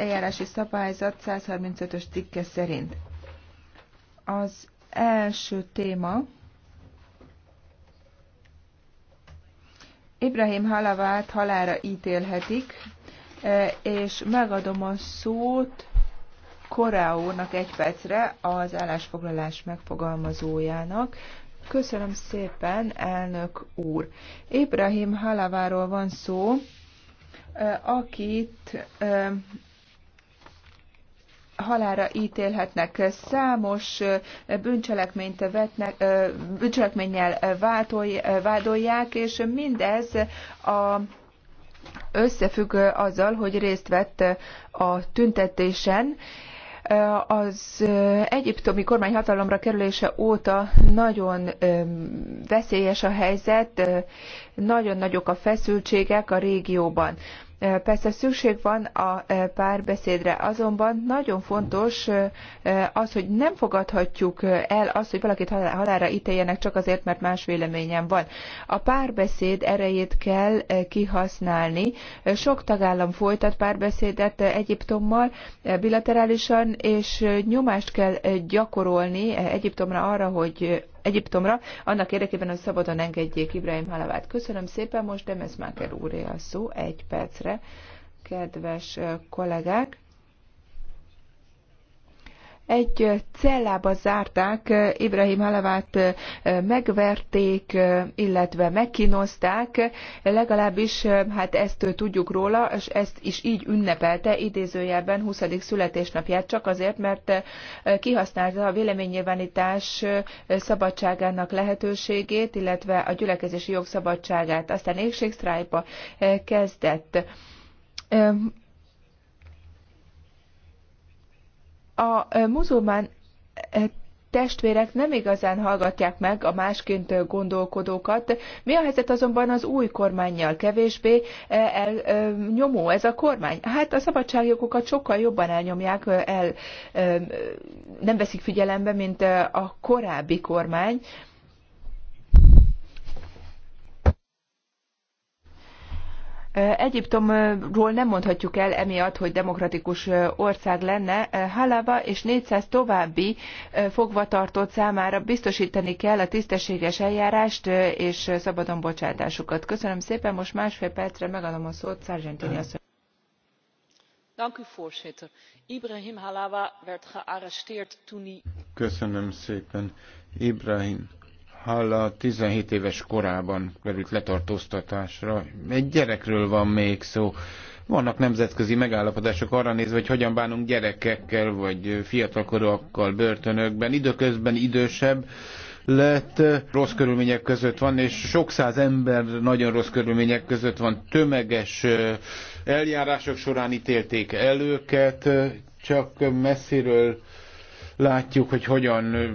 eljárási szabályzat 135-ös cikke szerint. Az első téma Ibrahim Halavát halára ítélhetik, e, és megadom a szót Koreónak egy percre az állásfoglalás megfogalmazójának. Köszönöm szépen, elnök úr. Ibrahim Halaváról van szó, e, akit e, halára ítélhetnek. Számos eh, bűncselekményt vetnek, eh, bűncselekménnyel eh, vádolják, és mindez a összefügg azzal, hogy részt vett a tüntetésen, az egyiptomi kormány hatalomra kerülése óta nagyon veszélyes a helyzet, nagyon nagyok a feszültségek a régióban. Persze szükség van a párbeszédre, azonban nagyon fontos az, hogy nem fogadhatjuk el azt, hogy valakit halára ítéljenek csak azért, mert más véleményem van. A párbeszéd erejét kell kihasználni. Sok tagállam folytat párbeszédet Egyiptommal bilaterálisan, és nyomást kell gyakorolni Egyiptomra arra, hogy Egyiptomra, annak érdekében, hogy szabadon engedjék Ibrahim Halavát. Köszönöm szépen, most Máker úré a szó, egy percre, kedves kollégák. Egy cellába zárták, Ibrahim Halavát megverték, illetve megkínozták, legalábbis hát ezt tudjuk róla, és ezt is így ünnepelte idézőjelben 20. születésnapját, csak azért, mert kihasználta a véleménynyilvánítás szabadságának lehetőségét, illetve a gyülekezési jog szabadságát. Aztán égségsztrájba kezdett a muzulmán testvérek nem igazán hallgatják meg a másként gondolkodókat. Mi a helyzet azonban az új kormányjal kevésbé nyomó ez a kormány? Hát a szabadságjogokat sokkal jobban elnyomják, el, nem veszik figyelembe, mint a korábbi kormány. Egyiptomról nem mondhatjuk el emiatt, hogy demokratikus ország lenne. Halaba és 400 további fogvatartott számára biztosítani kell a tisztességes eljárást és szabadon bocsátásukat. Köszönöm szépen, most másfél percre megadom a szót Sargentini asszony. Köszönöm szépen. Ibrahim Halla 17 éves korában került letartóztatásra. Egy gyerekről van még szó. Vannak nemzetközi megállapodások arra nézve, hogy hogyan bánunk gyerekekkel, vagy fiatalkorúakkal börtönökben. Időközben idősebb lett, rossz körülmények között van, és sok száz ember nagyon rossz körülmények között van. Tömeges eljárások során ítélték el őket, csak messziről látjuk, hogy hogyan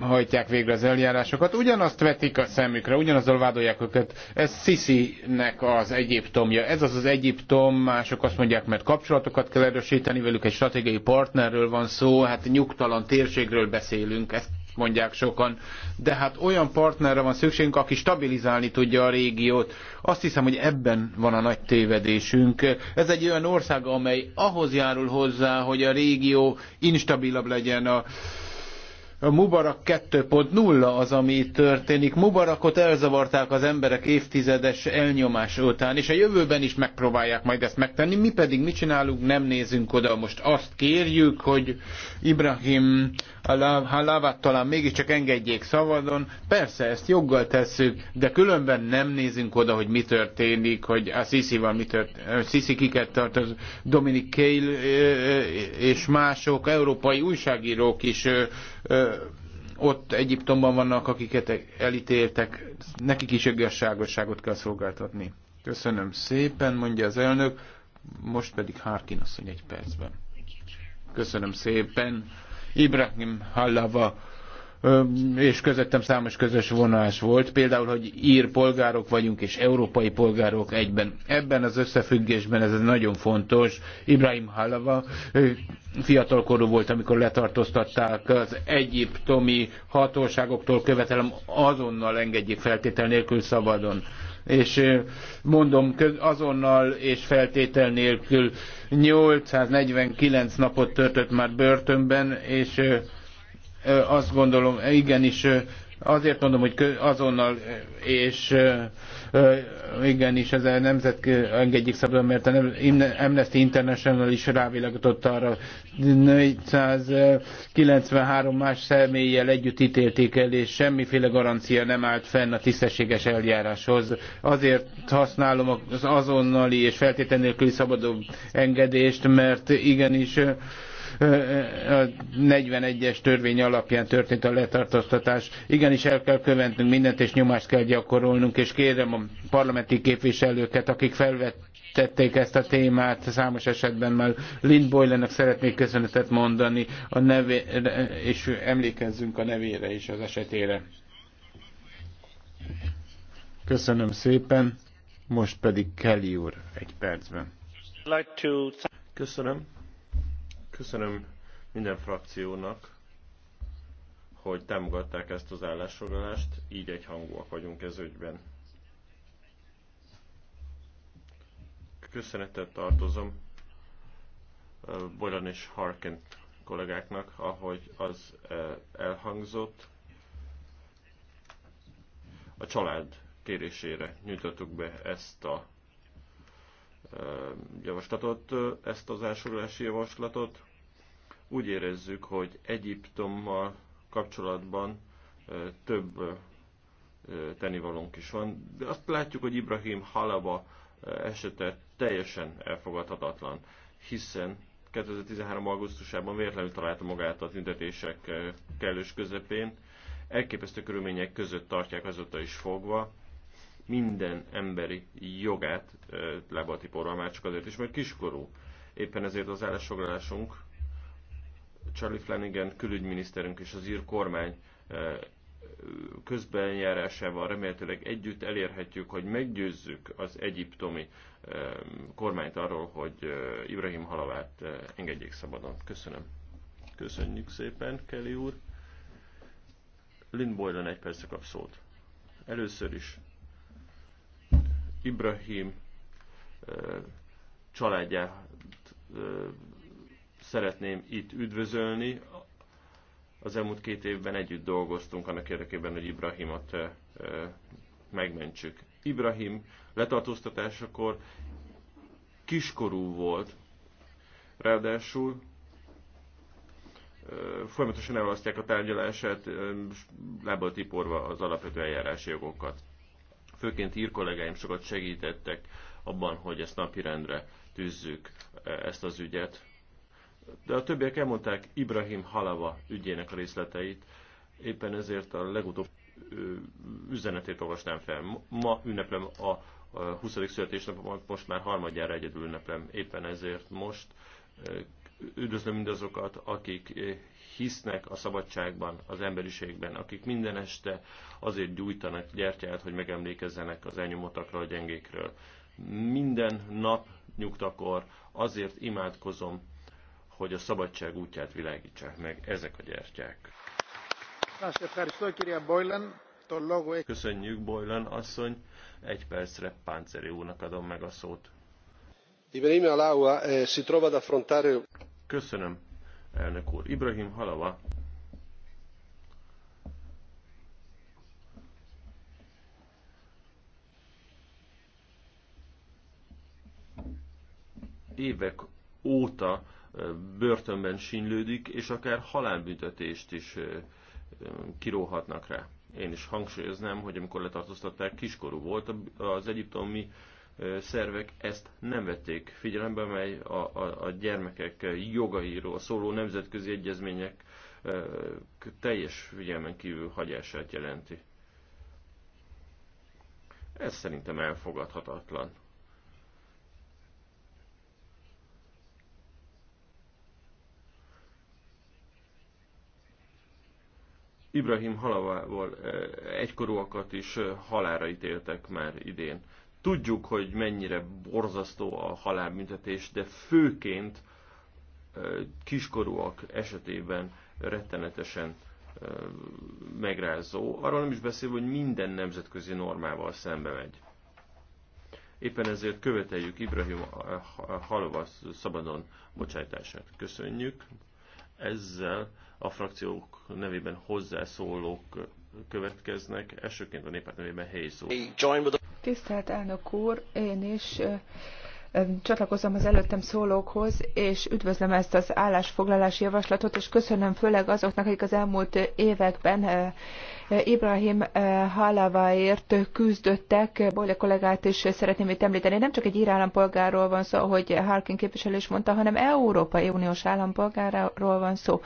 hajtják végre az eljárásokat. Ugyanazt vetik a szemükre, ugyanazzal vádolják őket. Ez Sisi-nek az Egyiptomja. Ez az az Egyiptom, mások azt mondják, mert kapcsolatokat kell erősíteni, velük egy stratégiai partnerről van szó, hát nyugtalan térségről beszélünk. Ezt mondják sokan, de hát olyan partnerre van szükségünk, aki stabilizálni tudja a régiót. Azt hiszem, hogy ebben van a nagy tévedésünk. Ez egy olyan ország, amely ahhoz járul hozzá, hogy a régió instabilabb legyen a a Mubarak 2.0 az, ami történik. Mubarakot elzavarták az emberek évtizedes elnyomás után, és a jövőben is megpróbálják majd ezt megtenni. Mi pedig mit csinálunk? Nem nézünk oda. Most azt kérjük, hogy Ibrahim Halávát talán mégiscsak engedjék szabadon. Persze, ezt joggal tesszük, de különben nem nézünk oda, hogy mi történik, hogy a Sisi-val mi történik. Sisi kiket az Dominic Kale és mások, európai újságírók is ott Egyiptomban vannak, akiket elítéltek, nekik is igazságosságot kell szolgáltatni. Köszönöm szépen, mondja az elnök, most pedig Harkin asszony egy percben. Köszönöm szépen. Ibrahim Hallava és közöttem számos közös vonás volt, például, hogy ír polgárok vagyunk, és európai polgárok egyben. Ebben az összefüggésben ez nagyon fontos. Ibrahim Halava fiatalkorú volt, amikor letartóztatták az egyiptomi hatóságoktól követelem azonnal engedjék feltétel nélkül szabadon és mondom, azonnal és feltétel nélkül 849 napot töltött már börtönben, és azt gondolom, igenis azért mondom, hogy azonnal, és igenis ez a nemzet engedjék szabadon, mert a Amnesty International is rávilágított arra, 493 más személlyel együtt ítélték el, és semmiféle garancia nem állt fenn a tisztességes eljáráshoz. Azért használom az azonnali és feltétlenül nélküli szabadon engedést, mert igenis a 41-es törvény alapján történt a letartóztatás. Igenis el kell követnünk mindent, és nyomást kell gyakorolnunk, és kérem a parlamenti képviselőket, akik felvetették ezt a témát, számos esetben már Lind Boylennek szeretnék köszönetet mondani, a nevére, és emlékezzünk a nevére is az esetére. Köszönöm szépen, most pedig Kelly úr egy percben. Köszönöm. Köszönöm minden frakciónak, hogy támogatták ezt az állásfoglalást, így hangúak vagyunk ez ügyben. Köszönetet tartozom Bolan és Harkin kollégáknak, ahogy az elhangzott. A család kérésére nyújtottuk be ezt a javaslatot, ezt az elsorolási javaslatot. Úgy érezzük, hogy Egyiptommal kapcsolatban több tennivalónk is van, de azt látjuk, hogy Ibrahim Halaba esete teljesen elfogadhatatlan, hiszen 2013. augusztusában véletlenül találta magát a tüntetések kellős közepén, elképesztő körülmények között tartják azóta is fogva, minden emberi jogát lebati porral, már csak azért is, mert kiskorú. Éppen ezért az állásfoglalásunk Charlie Flanagan külügyminiszterünk és az ír kormány közbenjárásával remélhetőleg együtt elérhetjük, hogy meggyőzzük az egyiptomi kormányt arról, hogy Ibrahim Halavát engedjék szabadon. Köszönöm. Köszönjük szépen, Kelly úr. Lynn Boylan egy percre kap szót. Először is Ibrahim családját szeretném itt üdvözölni. Az elmúlt két évben együtt dolgoztunk annak érdekében, hogy Ibrahimot megmentsük. Ibrahim letartóztatásakor kiskorú volt, ráadásul folyamatosan elhasztják a tárgyalását, lábbal tiporva az alapvető eljárási jogokat főként ír kollégáim sokat segítettek abban, hogy ezt napirendre tűzzük e, ezt az ügyet. De a többiek elmondták Ibrahim Halava ügyének a részleteit, éppen ezért a legutóbb üzenetét olvastam fel. Ma ünneplem a 20. születésnapomat, most már harmadjára egyedül ünneplem, éppen ezért most üdvözlöm mindazokat, akik hisznek a szabadságban, az emberiségben, akik minden este azért gyújtanak gyertyát, hogy megemlékezzenek az elnyomottakról, a gyengékről. Minden nap nyugtakor azért imádkozom, hogy a szabadság útját világítsák meg ezek a gyertyák. Köszönjük, Boylan asszony. Egy percre Pánceri úrnak adom meg a szót. Eh, Köszönöm elnök úr. Ibrahim Halava évek óta börtönben sínlődik, és akár halálbüntetést is kiróhatnak rá. Én is hangsúlyoznám, hogy amikor letartóztatták, kiskorú volt az egyiptomi szervek ezt nem vették figyelembe, mely a, a, a gyermekek jogairól szóló nemzetközi egyezmények teljes figyelmen kívül hagyását jelenti. Ez szerintem elfogadhatatlan. Ibrahim Halavával egykorúakat is halára ítéltek már idén. Tudjuk, hogy mennyire borzasztó a halálbüntetés, de főként kiskorúak esetében rettenetesen megrázó. Arról nem is beszélve, hogy minden nemzetközi normával szembe megy. Éppen ezért követeljük Ibrahim Halova szabadon bocsájtását. Köszönjük. Ezzel a frakciók nevében hozzászólók következnek, elsőként a néppárt nevében helyi szó. Tisztelt elnök úr, én is eh, csatlakozom az előttem szólókhoz, és üdvözlöm ezt az állásfoglalási javaslatot, és köszönöm főleg azoknak, akik az elmúlt években Ibrahim Halavaért küzdöttek. Bolya kollégát is szeretném itt említeni. Nem csak egy ír állampolgárról van szó, ahogy Harkin képviselő is mondta, hanem Európai Uniós állampolgárról van szó.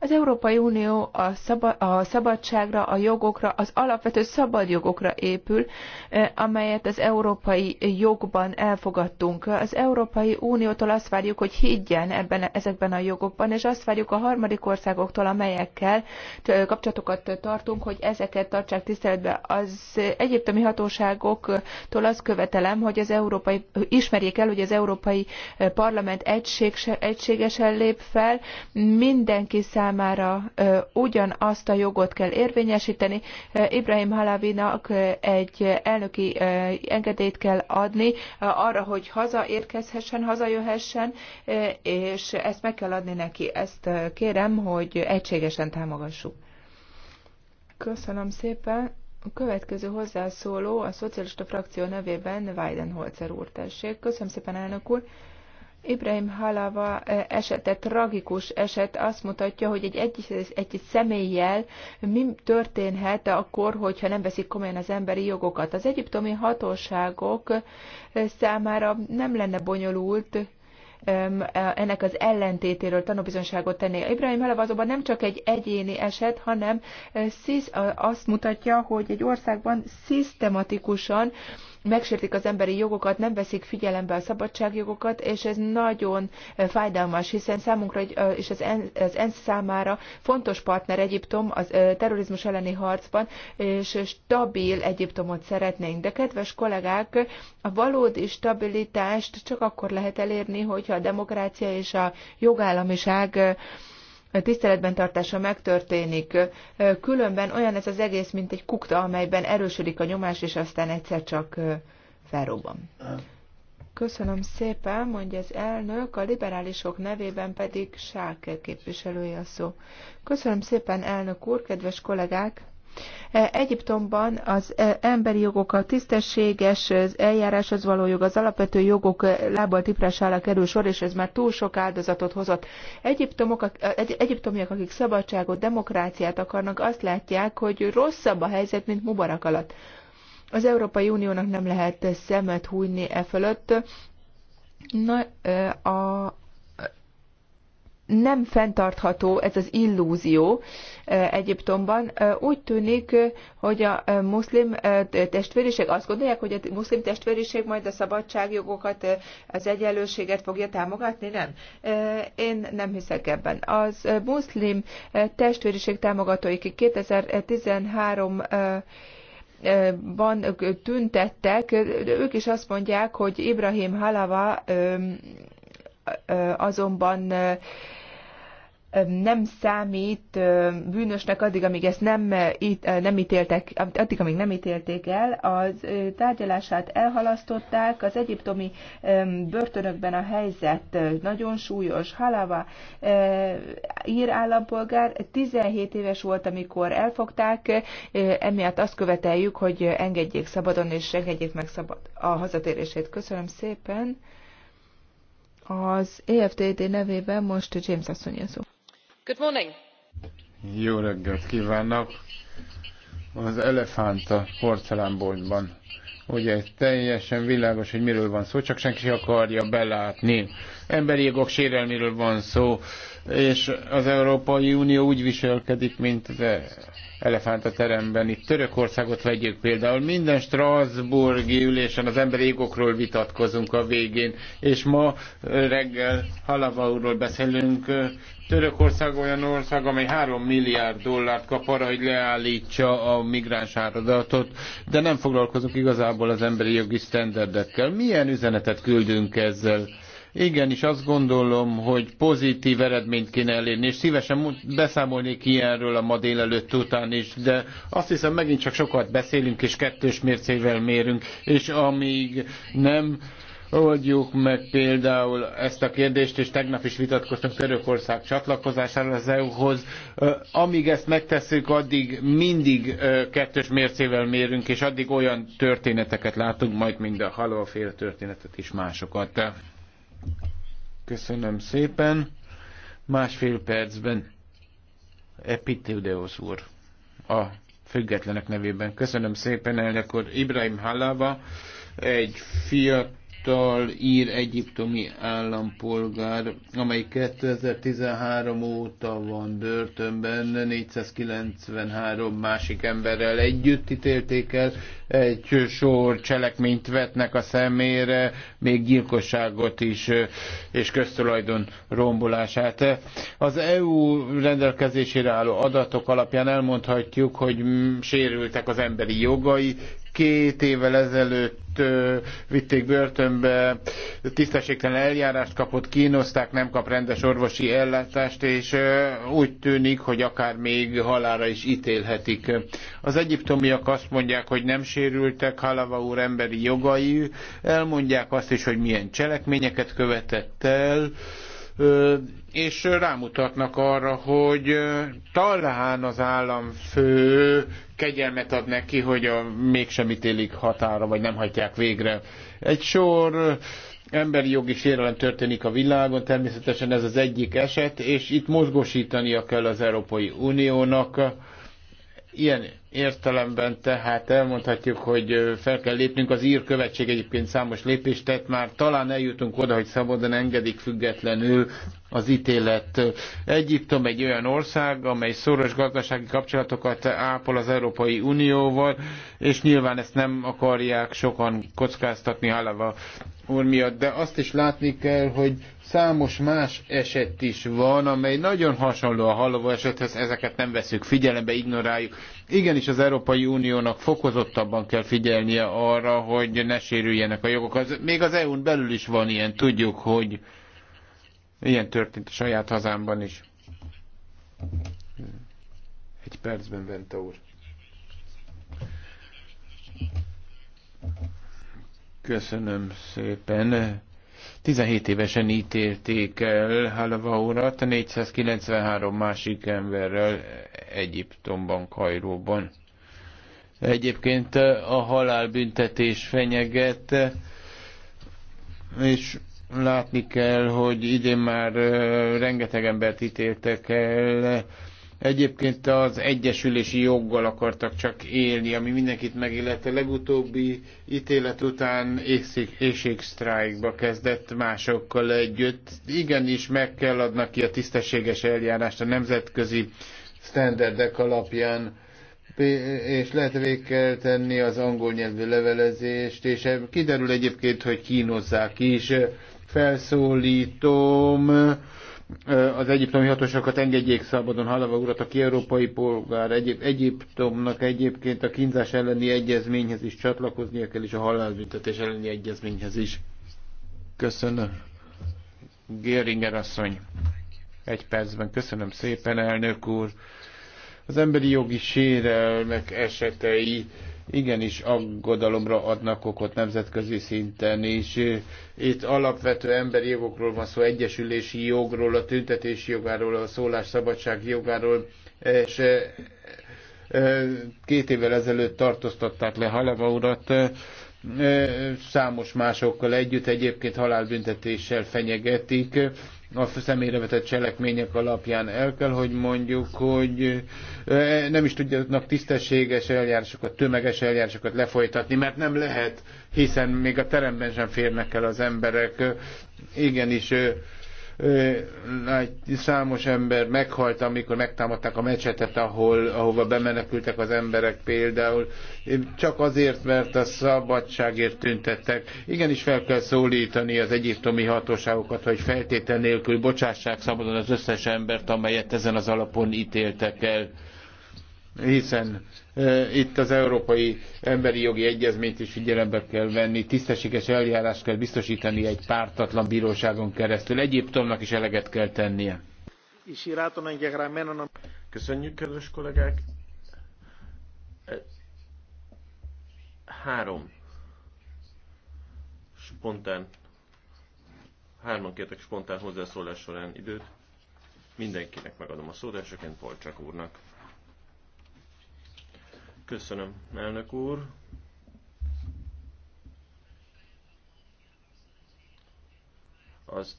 Az Európai Unió a, szaba, a szabadságra, a jogokra, az alapvető szabad jogokra épül, amelyet az európai jogban elfogadtunk. Az Európai Uniótól azt várjuk, hogy higgyen ebben, ezekben a jogokban, és azt várjuk a harmadik országoktól, amelyekkel kapcsolatokat tartunk, hogy ezeket tartsák tiszteletbe. Az egyiptomi hatóságoktól azt követelem, hogy az európai, ismerjék el, hogy az Európai Parlament egység, egységesen lép fel, mindenki számára ugyanazt a jogot kell érvényesíteni. Ibrahim Halavinak egy elnöki engedélyt kell adni arra, hogy haza hazaérkezhessen, hazajöhessen, e, és ezt meg kell adni neki. Ezt e, kérem, hogy egységesen támogassuk. Köszönöm szépen. A következő hozzászóló a szocialista frakció nevében Weidenholzer úr tessék. Köszönöm szépen, elnök úr. Ibrahim Halava e, esete, tragikus eset azt mutatja, hogy egy, egy, egy személlyel mi történhet akkor, hogyha nem veszik komolyan az emberi jogokat. Az egyiptomi hatóságok e, számára nem lenne bonyolult e, ennek az ellentétéről tanúbizonságot tenni. Ibrahim Halava azonban nem csak egy egyéni eset, hanem azt mutatja, hogy egy országban szisztematikusan megsértik az emberi jogokat, nem veszik figyelembe a szabadságjogokat, és ez nagyon eh, fájdalmas, hiszen számunkra eh, és az ENSZ számára fontos partner Egyiptom az eh, terrorizmus elleni harcban, és stabil Egyiptomot szeretnénk. De kedves kollégák, a valódi stabilitást csak akkor lehet elérni, hogyha a demokrácia és a jogállamiság tiszteletben tartása megtörténik. Különben olyan ez az egész, mint egy kukta, amelyben erősödik a nyomás, és aztán egyszer csak felrobban. Köszönöm szépen, mondja az elnök, a liberálisok nevében pedig Sáker képviselője a szó. Köszönöm szépen, elnök úr, kedves kollégák! E, Egyiptomban az e, emberi jogok, a tisztességes eljáráshoz való jog, az alapvető jogok e, lábbal tiprására kerül sor, és ez már túl sok áldozatot hozott. Egyiptomok, egy, egyiptomiak, akik szabadságot, demokráciát akarnak, azt látják, hogy rosszabb a helyzet, mint Mubarak alatt. Az Európai Uniónak nem lehet szemet hújni e fölött. Na, a, nem fenntartható ez az illúzió eh, Egyiptomban. Eh, úgy tűnik, eh, hogy a muszlim testvériség azt gondolják, hogy a muszlim testvériség majd a szabadságjogokat, az egyenlőséget fogja támogatni, nem? Én nem hiszek ebben. Az muszlim testvériség ki 2013 ban tüntettek, ők is azt mondják, hogy Ibrahim Halava azonban nem számít bűnösnek addig, amíg ezt nem, nem ítéltek, addig, amíg nem ítélték el. Az tárgyalását elhalasztották, az egyiptomi börtönökben a helyzet nagyon súlyos. Halava ír állampolgár 17 éves volt, amikor elfogták, emiatt azt követeljük, hogy engedjék szabadon, és engedjék meg szabad a hazatérését. Köszönöm szépen. Az EFTD nevében most James asszony szó. Good morning. Jó reggelt kívánok! Az elefánt a porcelánboltban. Ugye teljesen világos, hogy miről van szó, csak senki sem akarja belátni. Emberi jogok sérelméről van szó, és az Európai Unió úgy viselkedik, mint az elefánt a teremben. Itt Törökországot vegyük például. Minden Strasburgi ülésen az emberi jogokról vitatkozunk a végén, és ma reggel Halavaúról beszélünk. Törökország olyan ország, amely 3 milliárd dollárt kap arra, hogy leállítsa a migráns áradatot, de nem foglalkozunk igazából az emberi jogi sztenderdekkel. Milyen üzenetet küldünk ezzel? Igenis, azt gondolom, hogy pozitív eredményt kéne elérni, és szívesen beszámolnék ilyenről a ma délelőtt után is, de azt hiszem megint csak sokat beszélünk, és kettős mércével mérünk, és amíg nem oldjuk meg például ezt a kérdést, és tegnap is vitatkoztunk Törökország csatlakozásáról az EU-hoz. Amíg ezt megtesszük, addig mindig kettős mércével mérünk, és addig olyan történeteket látunk majd, mint a halóféle történetet is másokat. Köszönöm szépen. Másfél percben Epiteudeos úr a függetlenek nevében. Köszönöm szépen, elnök úr. Ibrahim Halava egy fiatal által ír egyiptomi állampolgár, amely 2013 óta van börtönben, 493 másik emberrel együtt ítélték el, egy sor cselekményt vetnek a szemére, még gyilkosságot is, és köztulajdon rombolását. Az EU rendelkezésére álló adatok alapján elmondhatjuk, hogy sérültek az emberi jogai, két évvel ezelőtt vitték börtönbe, tisztességtelen eljárást kapott, kínozták, nem kap rendes orvosi ellátást, és úgy tűnik, hogy akár még halára is ítélhetik. Az egyiptomiak azt mondják, hogy nem sérültek Halava úr emberi jogai, elmondják azt is, hogy milyen cselekményeket követett el, és rámutatnak arra, hogy talán az államfő kegyelmet ad neki, hogy a, mégsem ítélik határa, vagy nem hagyják végre. Egy sor emberi jogi sérelem történik a világon, természetesen ez az egyik eset, és itt mozgósítania kell az Európai Uniónak Ilyen értelemben tehát elmondhatjuk, hogy fel kell lépnünk. Az ír követség egyébként számos lépést tett, már talán eljutunk oda, hogy szabadon engedik függetlenül az ítélet. Egyiptom egy olyan ország, amely szoros gazdasági kapcsolatokat ápol az Európai Unióval, és nyilván ezt nem akarják sokan kockáztatni, hálával úr miatt, de azt is látni kell, hogy számos más eset is van, amely nagyon hasonló a halló esethez, ezeket nem veszük figyelembe, ignoráljuk. Igenis az Európai Uniónak fokozottabban kell figyelnie arra, hogy ne sérüljenek a jogok. Az, még az EU-n belül is van ilyen, tudjuk, hogy ilyen történt a saját hazámban is. Egy percben, Venta úr. Köszönöm szépen. 17 évesen ítélték el Halava urat 493 másik emberrel Egyiptomban, Kajróban. Egyébként a halálbüntetés fenyeget, és látni kell, hogy idén már rengeteg embert ítéltek el, Egyébként az egyesülési joggal akartak csak élni, ami mindenkit megillette. A legutóbbi ítélet után éjségsztrájkba kezdett másokkal együtt. Igenis meg kell adnak ki a tisztességes eljárást a nemzetközi standardek alapján és lehet végkel tenni az angol nyelvű levelezést, és kiderül egyébként, hogy kínozzák is. Felszólítom az egyiptomi hatóságokat engedjék szabadon halva urat, aki európai polgár. Egyéb, Egyiptomnak egyébként a kínzás elleni egyezményhez is csatlakoznia kell, és a halálbüntetés elleni egyezményhez is. Köszönöm. Géringer asszony. Egy percben. Köszönöm szépen, elnök úr. Az emberi jogi sérelmek esetei igenis aggodalomra adnak okot nemzetközi szinten is. Itt alapvető emberi jogokról van szó, egyesülési jogról, a tüntetési jogáról, a szólásszabadság jogáról, és e, e, két évvel ezelőtt tartóztatták le Haleva urat, e, számos másokkal együtt egyébként halálbüntetéssel fenyegetik a személyre vetett cselekmények alapján. El kell, hogy mondjuk, hogy nem is tudjanak tisztességes eljárásokat, tömeges eljárásokat lefolytatni, mert nem lehet, hiszen még a teremben sem férnek el az emberek. Igenis, számos ember meghalt, amikor megtámadták a mecsetet, ahol, ahova bemenekültek az emberek például, csak azért, mert a szabadságért tüntettek. Igenis fel kell szólítani az egyiptomi hatóságokat, hogy feltétel nélkül bocsássák szabadon az összes embert, amelyet ezen az alapon ítéltek el hiszen itt az Európai Emberi Jogi Egyezményt is figyelembe kell venni, tisztességes eljárást kell biztosítani egy pártatlan bíróságon keresztül. Egyiptomnak is eleget kell tennie. Köszönjük, kedves kollégák! Három spontán, hárman kértek spontán hozzászólás során időt. Mindenkinek megadom a szót, elsőként Polcsak úrnak. Köszönöm, elnök úr. Az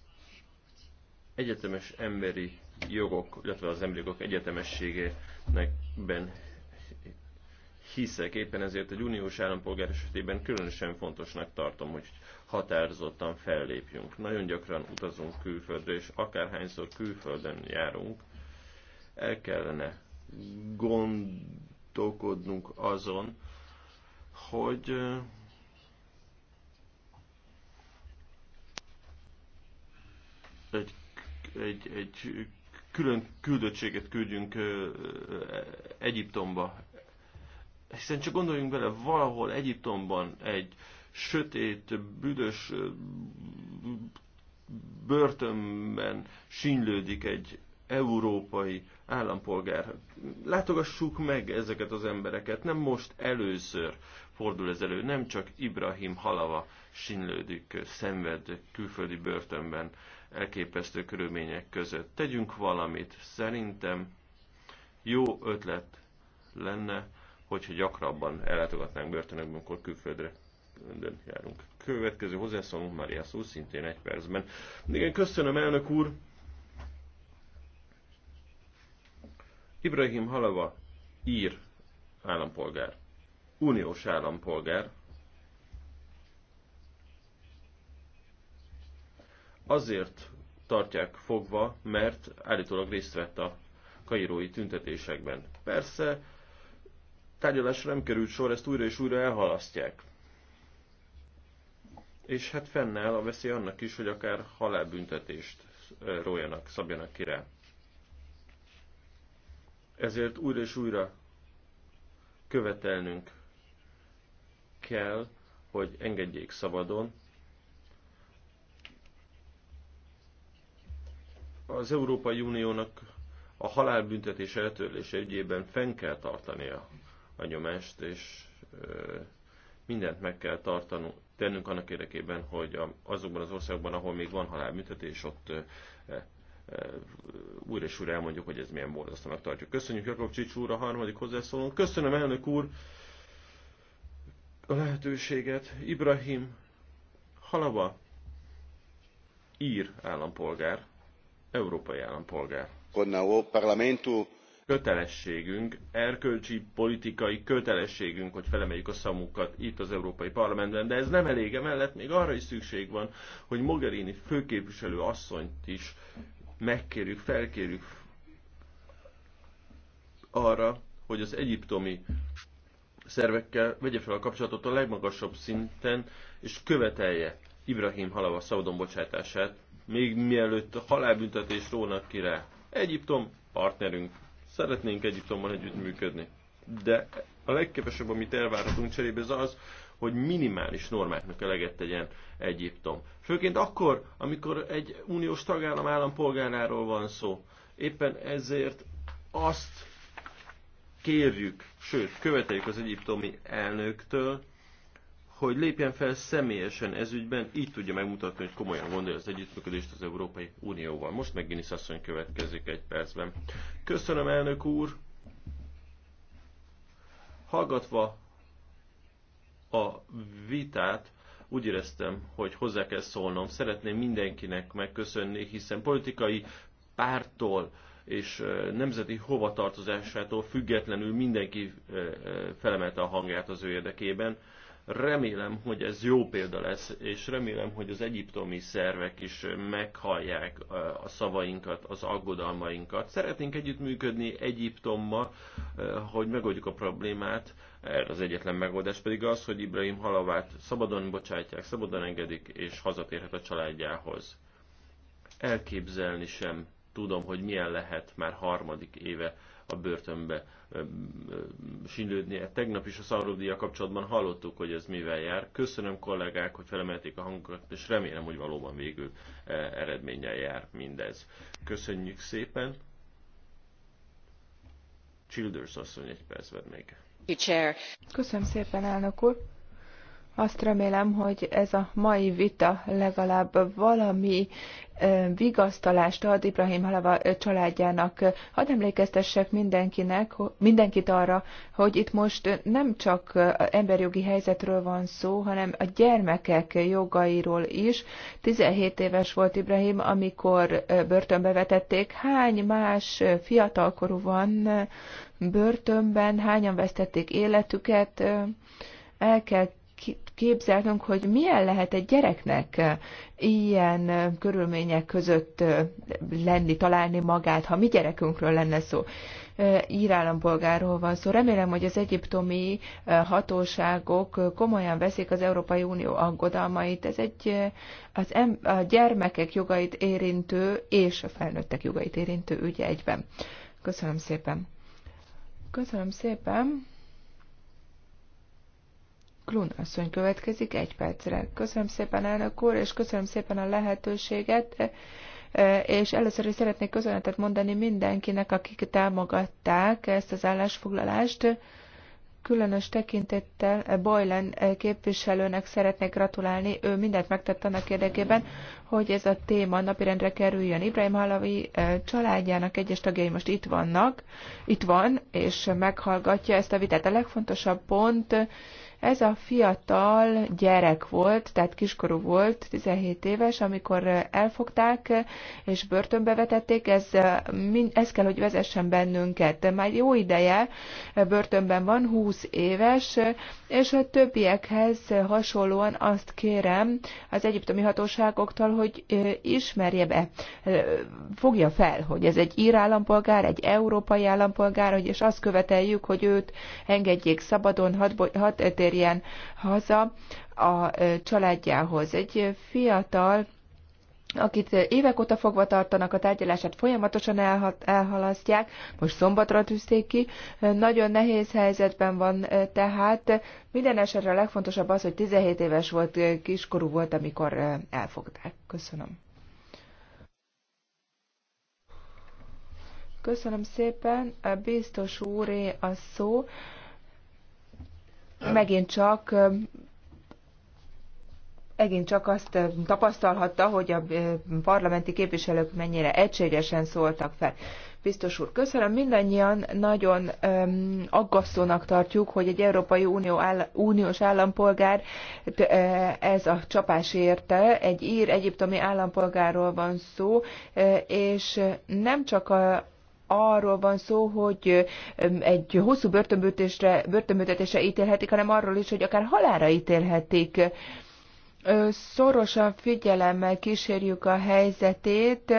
egyetemes emberi jogok, illetve az emberi jogok egyetemességében hiszek, éppen ezért egy uniós állampolgár esetében különösen fontosnak tartom, hogy határozottan fellépjünk. Nagyon gyakran utazunk külföldre, és akárhányszor külföldön járunk, el kellene gond gondolkodnunk azon, hogy egy, egy, egy külön küldöttséget küldjünk Egyiptomba. Hiszen csak gondoljunk bele, valahol Egyiptomban egy sötét, büdös börtönben sínylődik egy európai állampolgár. Látogassuk meg ezeket az embereket, nem most először fordul ez elő, nem csak Ibrahim Halava sinlődik, szenved külföldi börtönben elképesztő körülmények között. Tegyünk valamit, szerintem jó ötlet lenne, hogyha gyakrabban ellátogatnánk börtönökben, amikor külföldre járunk. Következő hozzászólunk Mária Szó, szintén egy percben. Igen, köszönöm elnök úr! Ibrahim Halava ír állampolgár, uniós állampolgár, azért tartják fogva, mert állítólag részt vett a kairói tüntetésekben. Persze tárgyalásra nem került sor, ezt újra és újra elhalasztják. És hát fennáll a veszély annak is, hogy akár halálbüntetést rójanak, szabjanak ki rá. Ezért újra és újra követelnünk kell, hogy engedjék szabadon. Az Európai Uniónak a halálbüntetés eltörlése ügyében fenn kell tartania a nyomást, és mindent meg kell tartanunk, tennünk annak érdekében, hogy azokban az országokban, ahol még van halálbüntetés, ott újra és újra elmondjuk, hogy ez milyen borzasztónak tartjuk. Köszönjük Csics úr a harmadik hozzászólón. Köszönöm elnök úr a lehetőséget. Ibrahim Halava, ír állampolgár, európai állampolgár. Konnao parlamentu kötelességünk, erkölcsi, politikai kötelességünk, hogy felemeljük a szamukat itt az Európai Parlamentben, de ez nem elég, emellett még arra is szükség van, hogy Mogherini főképviselő asszonyt is megkérjük, felkérjük arra, hogy az egyiptomi szervekkel vegye fel a kapcsolatot a legmagasabb szinten, és követelje Ibrahim Halava szabadon bocsátását, még mielőtt a halálbüntetés rónak ki rá. Egyiptom partnerünk. Szeretnénk Egyiptommal együttműködni. De a legkevesebb, amit elvárhatunk cserébe, az az, hogy minimális normáknak eleget tegyen Egyiptom. Főként akkor, amikor egy uniós tagállam állampolgáráról van szó. Éppen ezért azt kérjük, sőt, követeljük az egyiptomi elnöktől, hogy lépjen fel személyesen Ez ügyben, így tudja megmutatni, hogy komolyan gondolja az együttműködést az Európai Unióval. Most meg Guinness asszony következik egy percben. Köszönöm, elnök úr! Hallgatva a vitát, úgy éreztem, hogy hozzá kell szólnom. Szeretném mindenkinek megköszönni, hiszen politikai pártól és nemzeti hovatartozásától függetlenül mindenki felemelte a hangját az ő érdekében. Remélem, hogy ez jó példa lesz, és remélem, hogy az egyiptomi szervek is meghallják a szavainkat, az aggodalmainkat. Szeretnénk együttműködni Egyiptommal, hogy megoldjuk a problémát. Erre az egyetlen megoldás pedig az, hogy Ibrahim halavát szabadon bocsátják, szabadon engedik, és hazatérhet a családjához. Elképzelni sem tudom, hogy milyen lehet már harmadik éve a börtönbe sinlődnie. Tegnap is a szarodiak kapcsolatban hallottuk, hogy ez mivel jár. Köszönöm kollégák, hogy felemelték a hangokat, és remélem, hogy valóban végül e, eredménnyel jár mindez. Köszönjük szépen! Childers asszony egy percben még. Köszönöm szépen, elnök úr! Azt remélem, hogy ez a mai vita legalább valami vigasztalást ad Ibrahim Halava családjának. Hadd emlékeztessek mindenkinek, mindenkit arra, hogy itt most nem csak emberjogi helyzetről van szó, hanem a gyermekek jogairól is. 17 éves volt Ibrahim, amikor börtönbe vetették. Hány más fiatalkorú van börtönben, hányan vesztették életüket? El kell képzelnünk, hogy milyen lehet egy gyereknek eh, ilyen eh, körülmények között eh, lenni, találni magát, ha mi gyerekünkről lenne szó írállampolgárról van szó. Remélem, hogy az egyiptomi hatóságok komolyan veszik az Európai Unió aggodalmait. Ez egy az em, a gyermekek jogait érintő és a felnőttek jogait érintő ügy egyben. Köszönöm szépen. Köszönöm szépen. Klun asszony következik egy percre. Köszönöm szépen, elnök úr, és köszönöm szépen a lehetőséget, e, és először is szeretnék köszönetet mondani mindenkinek, akik támogatták ezt az állásfoglalást. Különös tekintettel Bojlen e, képviselőnek szeretnék gratulálni, ő mindent megtett annak érdekében, hogy ez a téma napirendre kerüljön. Ibrahim Halavi eh, családjának egyes tagjai most itt vannak, itt van, és meghallgatja ezt a vitát. A legfontosabb pont, ez a fiatal gyerek volt, tehát kiskorú volt, 17 éves, amikor eh, elfogták eh, és börtönbe vetették, ez, ez kell, hogy vezessen bennünket. Már jó ideje börtönben van, 20 éves, és a többiekhez hasonlóan azt kérem az egyiptomi hatóságoktól, hogy ismerje be, fogja fel, hogy ez egy ír állampolgár, egy európai állampolgár, hogy és azt követeljük, hogy őt engedjék szabadon, hadd térjen haza a családjához. Egy fiatal akit évek óta fogva tartanak, a tárgyalását folyamatosan elhalasztják, most szombatra tűzték ki. Nagyon nehéz helyzetben van e, tehát. Minden esetre a legfontosabb az, hogy 17 éves volt, e, kiskorú volt, amikor e, elfogták. Köszönöm. Köszönöm szépen. A biztos úré a szó. Megint csak megint csak azt tapasztalhatta, hogy a parlamenti képviselők mennyire egységesen szóltak fel. Biztos úr, köszönöm. Mindannyian nagyon öm, aggasztónak tartjuk, hogy egy Európai Unió áll, Uniós állampolgár ez a csapás érte. Egy ír egyiptomi állampolgárról van szó, és nem csak a arról van szó, hogy egy hosszú börtönbüntetésre ítélhetik, hanem arról is, hogy akár halára ítélhetik szorosan figyelemmel kísérjük a helyzetét,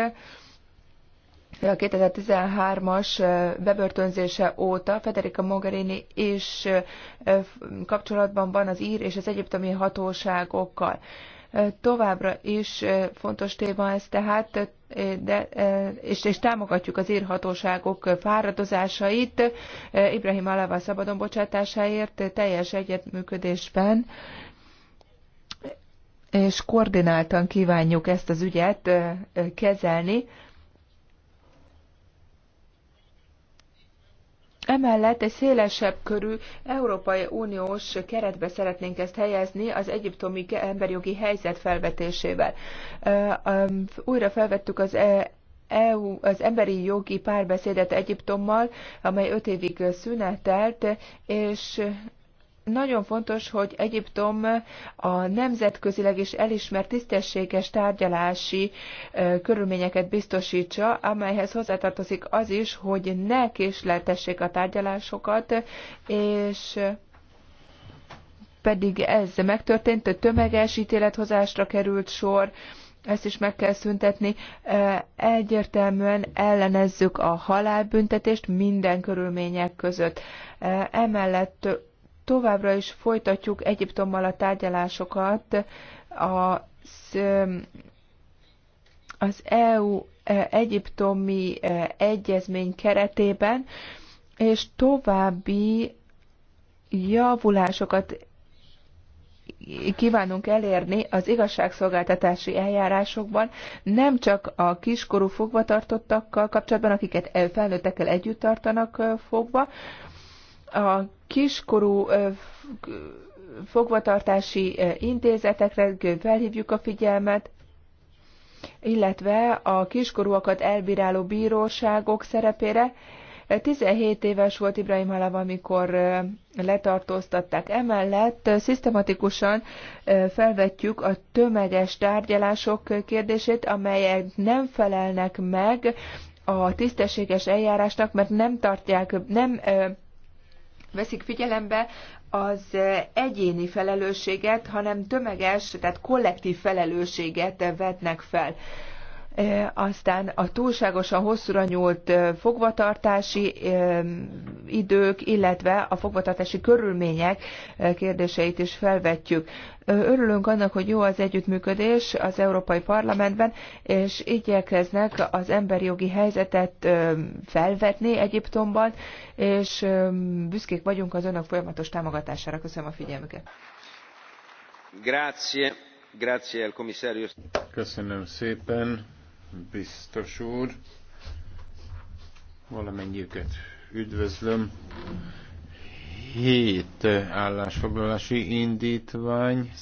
a 2013-as bebörtönzése óta Federica Mogherini is kapcsolatban van az ír és az egyiptomi hatóságokkal. Továbbra is fontos téma ez tehát, de, és, és támogatjuk az ír hatóságok fáradozásait Ibrahim Alava szabadon bocsátásáért teljes egyetműködésben és koordináltan kívánjuk ezt az ügyet kezelni. Emellett egy szélesebb körű Európai Uniós keretbe szeretnénk ezt helyezni az egyiptomi emberjogi helyzet felvetésével. Újra felvettük az EU, e az emberi jogi párbeszédet Egyiptommal, amely öt évig szünetelt, és nagyon fontos, hogy Egyiptom a nemzetközileg is elismert tisztességes tárgyalási körülményeket biztosítsa, amelyhez hozzátartozik az is, hogy ne késletessék a tárgyalásokat, és pedig ez megtörtént, hogy tömeges ítélethozásra került sor, ezt is meg kell szüntetni. Egyértelműen ellenezzük a halálbüntetést minden körülmények között. Emellett továbbra is folytatjuk Egyiptommal a tárgyalásokat az, az e EU egyiptomi e, egyezmény keretében, és további javulásokat kívánunk elérni az igazságszolgáltatási eljárásokban, nem csak a kiskorú fogvatartottakkal kapcsolatban, akiket e- felnőttekkel együtt tartanak fogva, a kiskorú fogvatartási intézetekre felhívjuk a figyelmet, illetve a kiskorúakat elbíráló bíróságok szerepére. 17 éves volt Ibrahim Halav, amikor letartóztatták. Emellett szisztematikusan felvetjük a tömeges tárgyalások kérdését, amelyek nem felelnek meg a tisztességes eljárásnak, mert nem tartják, nem veszik figyelembe az egyéni felelősséget, hanem tömeges, tehát kollektív felelősséget vetnek fel aztán a túlságosan hosszúra nyúlt fogvatartási idők, illetve a fogvatartási körülmények kérdéseit is felvetjük. Örülünk annak, hogy jó az együttműködés az Európai Parlamentben, és igyekeznek az emberi jogi helyzetet felvetni Egyiptomban, és büszkék vagyunk az önök folyamatos támogatására. Köszönöm a figyelmüket. Grazie. Grazie al commissario. Köszönöm szépen biztos úr. Valamennyiüket üdvözlöm. Hét állásfoglalási indítvány